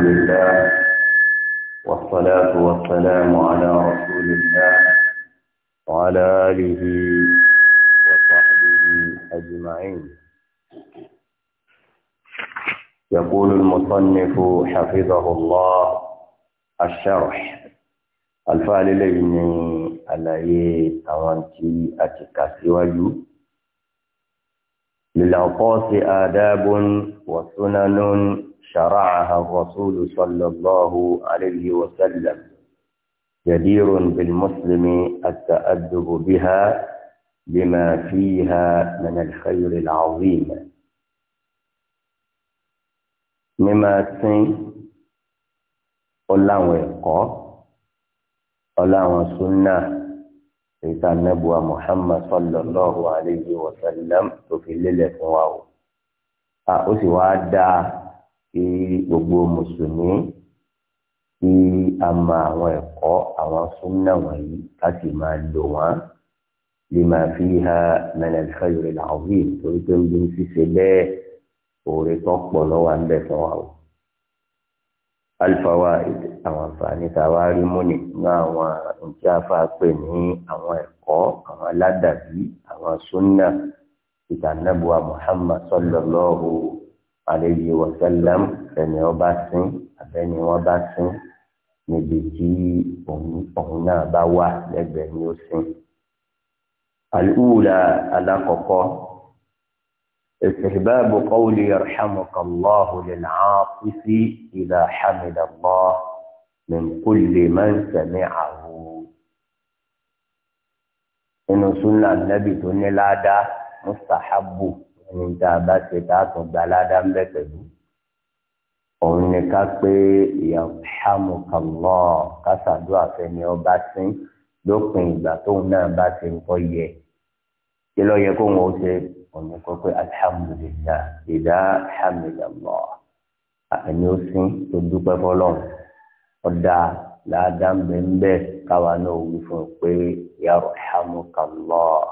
لله والصلاة والسلام على رسول الله وعلى آله وصحبه أجمعين يقول المصنف حفظه الله الشرح الفعل لين على أوانتي أتكاسي وجو للعقاص آداب وسنن شرعها الرسول صلى الله عليه وسلم جدير بالمسلم التأدب بها لما فيها من الخير العظيم مما تسين الله ويقع الله وسنة إذا نبوى محمد صلى الله عليه وسلم في الليلة واو أوسي وعدا kí gbogbo mùsùlùmí kí a mọ àwọn ẹ̀kọ́ àwọn súnnà wọ̀nyí ká sì máa lò wọ́n lima fiha min al-khayr al-azim torí pé ń bí ń ṣiṣe bẹ́ẹ̀ òòrè tó pọ̀ lọ́wọ́ à ń bẹ̀ fún wa o. al àwọn àǹfààní tá a wá rí mú ní ní àwọn nǹkan afá ní àwọn ẹ̀kọ́ àwọn aládàbí àwọn súnnà ìtànàbùwà Muhammad sallallahu alayhi wa sallam ẹni ọba sín abẹ́ni wọn bá sín níbi tí òun náà bá wà lẹ́gbẹ̀ẹ́ ni ó sín. alúùlà alákọ̀ọ́kọ́ استحباب قول يرحمك الله للعاطف إذا حمد الله من كل من سمعه إن سنة النبي تنلادا مستحب ní tá a bá ṣe tá a tún gba aládá ń bẹ pẹ̀lú òun ni ká pé yarhamukallah kásàdúrà fẹni ọba sín lópin ìgbà tóun náà bá ṣe ń kọ́ yẹ kí ló yẹ kóun ó ṣe òun ni pé alhamdulillah ìdá hamidallah àfẹni ó sín tó dúpẹ́ fọlọ́run ọ̀dà làádá ń káwa náà wí fún un pé yarhamukallah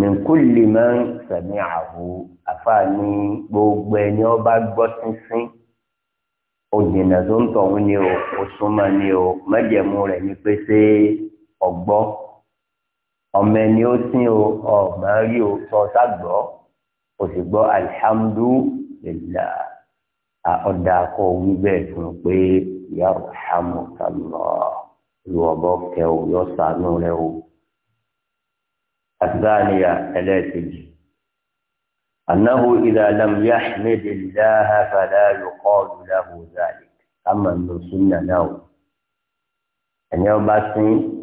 mẹ̀kúlì máa ń sẹ̀mí àwò àfààní gbogbo ẹni ọba gbọ́ sínsín òjìnà tó ń tọ̀hún ni o ó súnmọ́ ni o mẹ́jẹ̀mú rẹ̀ ní pé ṣé ọgbọ́ ọmọ ẹni ó sìn o ọmọ rí o sọ ságbọ́ o sì gbọ́ alhamdulillah ọ̀dà kò wí bẹ́ẹ̀ fún un pé yarhamukallah kẹ o yọ sànú rẹ o. الثانية الاتج أنه إذا لم يحمد الله فلا يقال له ذلك أما من سنة نو أن يوباسين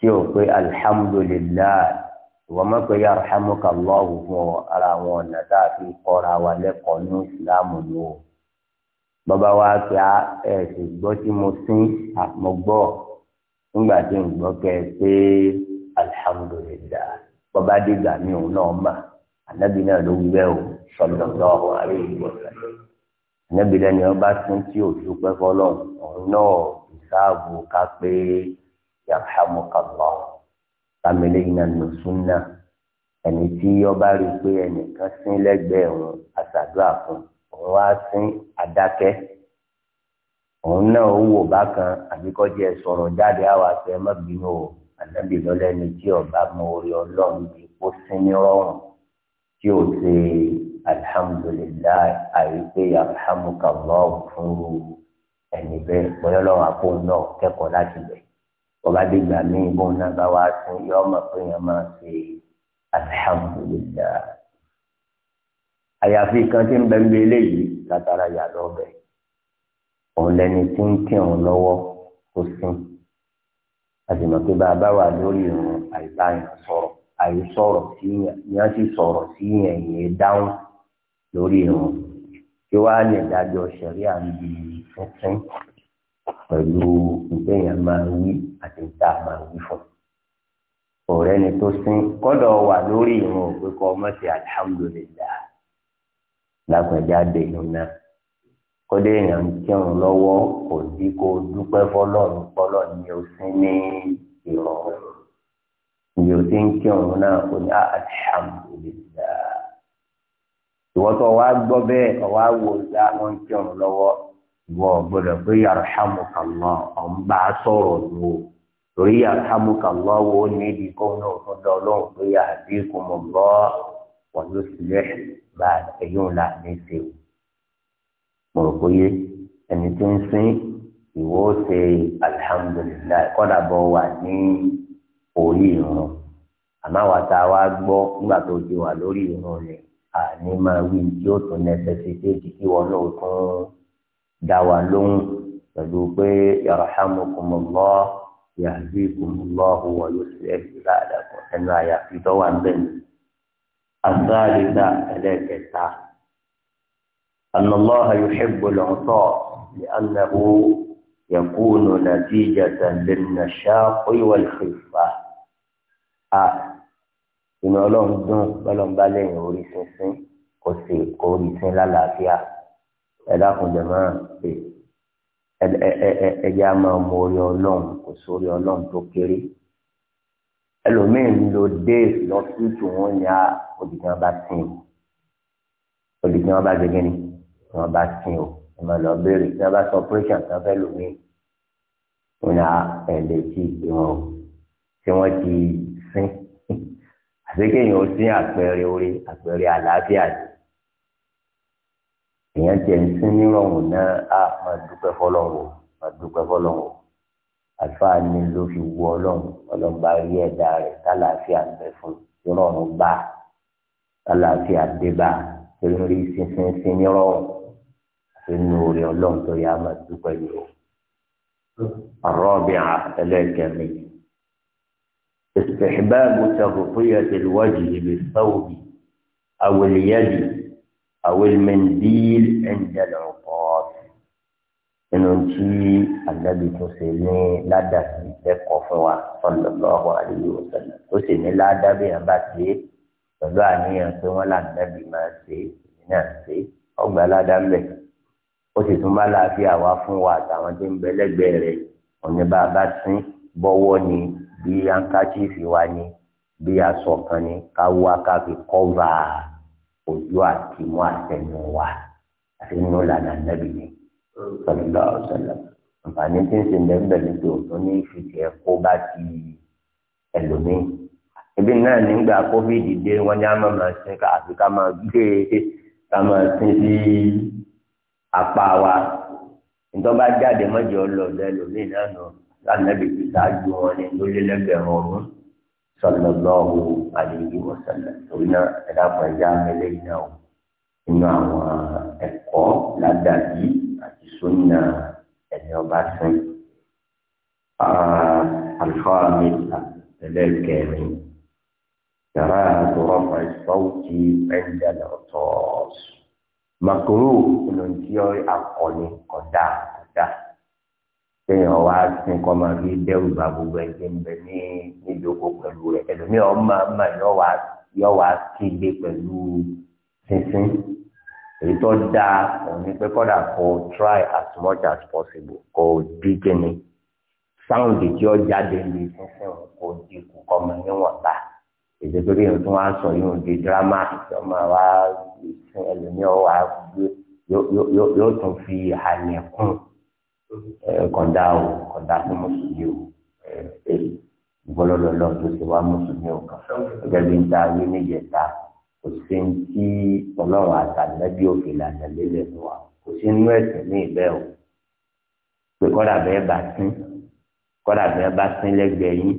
تيوكي الحمد لله وما كي يرحمك الله على ونتا في قرى ولقن إسلام نور bàbá wa kí a ẹ ṣe gbọ́ tí mo sín alhamdulillah bàbá dìgbà mi òun náà mà ànábì náà ló wí bẹ́ẹ̀ o sallallahu alaihi wasallam ànábì náà ni wọ́n bá tún tí ò dúpẹ́ fọlọ́ òun náà ìsáàbù ká pé yarhamukallah kàmílẹ́ iná nù súnà ẹni tí ọba rí i pé ẹnìkan sín lẹ́gbẹ̀ẹ́ òun àṣàdúrà fún òun wá sín adákẹ́ òun náà wò bákan àbíkọ́jẹ́ sọ̀rọ̀ jáde àwọn àti ẹ má bínú o ànábì lọ́lẹ́ ni tí ọba mọ orí ọlọ́run bí kó sinmi rọrùn tí ó ṣe alihamudulilayi àyíké alihamudulilayi fún ẹni bẹ́ẹ̀ bọ́yọ́ lọ́wọ́ àpò náà kẹ́kọ̀ọ́ láti bẹ̀ ọba dìgbà míì bóun náà bá wá sí yọ ọmọ pé yẹn máa ṣe alihamudulilayi àyàfi kan tí ń bẹ eléyìí látara yà lọ́bẹ̀ òun lẹni tí ń kírun lọ́wọ́ kó sìn àtìmọ̀ pé bàbá wà lórí irun àìbáyàn sọ̀rọ̀ àìsọ̀rọ̀ sí yẹn sì sọ̀rọ̀ sí ẹ̀yìn dáhùn lórí irun kí wàá lè dájọ́ sẹ̀rí àmì tuntun pẹ̀lú ìgbéyàn máa wí àti ìta máa wí fún ọ̀rẹ́ ni tó sin kọ́dọ̀ wà lórí irun òpin kọ́ ọmọ alihamudulilayi lápẹ̀jáde ìlú náà kódé èèyàn ń kírun lọ́wọ́ kò dí kó dúpẹ́ fọlọ́run fọlọ́run ni ó sí ní ìrọ̀rùn ni ó ti ń kírun náà kò ní ah, alhamdulillah ìwọ́n tó wá gbọ́ bẹ́ẹ̀ ọ̀wá wo ìyá wọn ń kírun lọ́wọ́ ìwọ gbọ́dọ̀ pé yarhamukallah ọ̀n bá a sọ̀rọ̀ nù o torí yarhamukallah wo níbi kó náà tó dá ọlọ́run pé yahdikumullah wa yuslih bá a ẹ̀yìn là ní sèwọ̀n mo rò pé ẹni tí ń sin ìwọ ṣe alihamudulilayi kọ́dà bọ́ wà ní orí ìrun àmọ́ àwa tá a wá gbọ́ nígbà tó ti wà lórí ìrun rẹ̀ àní máa wí tí ó tún nẹ́sẹ̀sìtéèjì kí wọn náà tún dá wa lóhùn pẹ̀lú pé yarhamukumullah yahdikumullahu wa yuslih balakum ẹnu àyàfi tó wà ń bẹ̀ ní. àtúrà lè ẹlẹ́kẹta. أن الله يحب العطاء لأنه يكون نتيجة للنشاط والخفة آه ìmọ̀ ọlọ́run dùn bọ́lọ́n bá lẹ́yìn orí sínsín kò sí kò rí sín lálàáfíà ẹ dákun jẹ máa pè ẹjẹ a máa mọ orí ọlọ́run kò sórí ọlọ́run tó kéré ẹlòmíín lo days lọ sí tòun ní a òdìgbọ́n bá sìn òdìgbọ́n bá gbẹgẹ́ ni tí wọ́n bá sin o ẹ máa lọ béèrè tí wọ́n bá sọ operation tí wọ́n fẹ́ lò mí wọn ni ẹ lè ti gbé wọn o tí wọ́n ti sin àti kéèyàn ó sin àpẹẹrẹ orí àpẹẹrẹ àlàáfíà ni èèyàn tiẹ̀ ń sin nírọ̀rùn náà á máa dúpẹ́ fọlọ́run o máa dúpẹ́ fọlọ́run o àlùfáà ni ló fi wú ọlọ́run ọlọ́run bá rí ẹ̀dá rẹ̀ kálàáfíà ń bẹ fún nírọ̀rùn bá kálàáfíà dé bá torí ń rí sísinsin nírọ̀rùn inú orí ọlọ́run tó yá máa dúpẹ́ yìí o. الرابعة الأكمي استحباب تغطية الوجه بالثوب أو اليد أو المنديل عند العطاس inú tí ànábì tó ṣe ní ládàbí ẹ̀kọ́ fún wa sallallahu alaihi wasallam tó ṣe ní ládàbí yẹn bá ṣe é pẹ̀lú àníyàn pé wọ́n làǹdàbí máa ṣe é náà ṣe ọgbà ládàbí ó sì tún bá láàfin àwa fún wa àtàwọn tó ń bẹ lẹ́gbẹ̀ẹ́ rẹ̀ ọ̀nà bá a bá sín bọ́wọ́ ni bí ankachiifi wa ni bí aṣọ kan ni ká wá ká fi kọ́va ojú àti mú àtẹnu wa àti nínú lànà nẹ́bí ni sọlọ́lá ọ̀sọ̀lọ́ nǹkanì tí ń sìn bẹ́ẹ̀ bẹ́ẹ̀ lóde òtún ní ìfìkẹ́ kó bá ti ẹlòmíì ebi náà nígbà covid dé wọn ní a máa sin ká àfi ká máa gbé e, ká máa sin sí apá wa ntọ́ba jáde mọ́jọ lọ́dọ̀ ẹlòmíì náà nù lánàbí ti ṣáájú wọn ní lólélẹ́gbẹ̀rún ọdún sallallahu alayhi wa sallam torí náà ẹ̀dá pẹ̀lú ẹlẹ́ iná o inú àwọn ẹ̀kọ́ ládàbí àti sunna ẹ̀mí ọba sìn. الخامسة الكريم كراهة رفع الصوت عند العطاس makoro ìlòǹtí akọni kọdá kọdá sẹ́yìn ọwọ asin kọ máa fi dẹ́rù bá gbogbo ẹ̀jẹ̀ ń bẹ ní nídòkó pẹ̀lú rẹ ẹlòmíì ọmọ ọmọ yọ wá kígbe pẹ̀lú sínsín èyí tó dáa òní pé kọ́dà kó try as much as possible kó díje ni sáwùndì tí ó jáde lè sínsìn kó dínkù kọ́ mọ níwọ̀n bá èdè torí ìrìn tí wọ́n á sọ yóò di drama tí wọ́n ìsìn ẹlòmíọ́ wà yóò tún fi halẹ̀ kún kọ̀dá o kọ̀dá fún mùsùlùmí o gbọ́lọ́dọ̀ lọ tó ṣe wá mùsùlùmí o kan gẹ́gẹ́ bí n ta wí níjẹta kò sí ní tí ọlọ́run àtàlẹ́bí òkè lànà lélẹ̀ fún wa kò sí nínú ẹ̀sìn ní ìbẹ́ o pé kọ́dà bẹ́ẹ̀ bá sín kọ́dà bẹ́ẹ̀ bá sín lẹ́gbẹ̀ẹ́ yín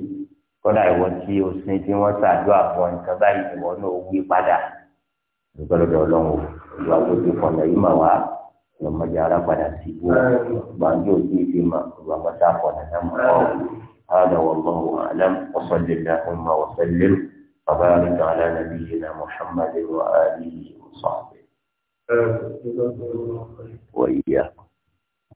kọ́dà ìwọ tí o sin tí wọ́n ṣàdúrà fún ọ nǹkan báyìí ìwọ náà wí padà dúpẹ́lọ́dọ̀ ọlọ́run ìwà tó ti fọ̀nà yìí mà wá lọ́mọdé ara padà sí ibú gbàǹdó tí ì fi mà ìwà pátá fọ̀nà náà mọ̀ ọ́ هذا والله أعلم وصل اللهم وسلم وبارك على نبينا محمد وآله وصحبه وإياكم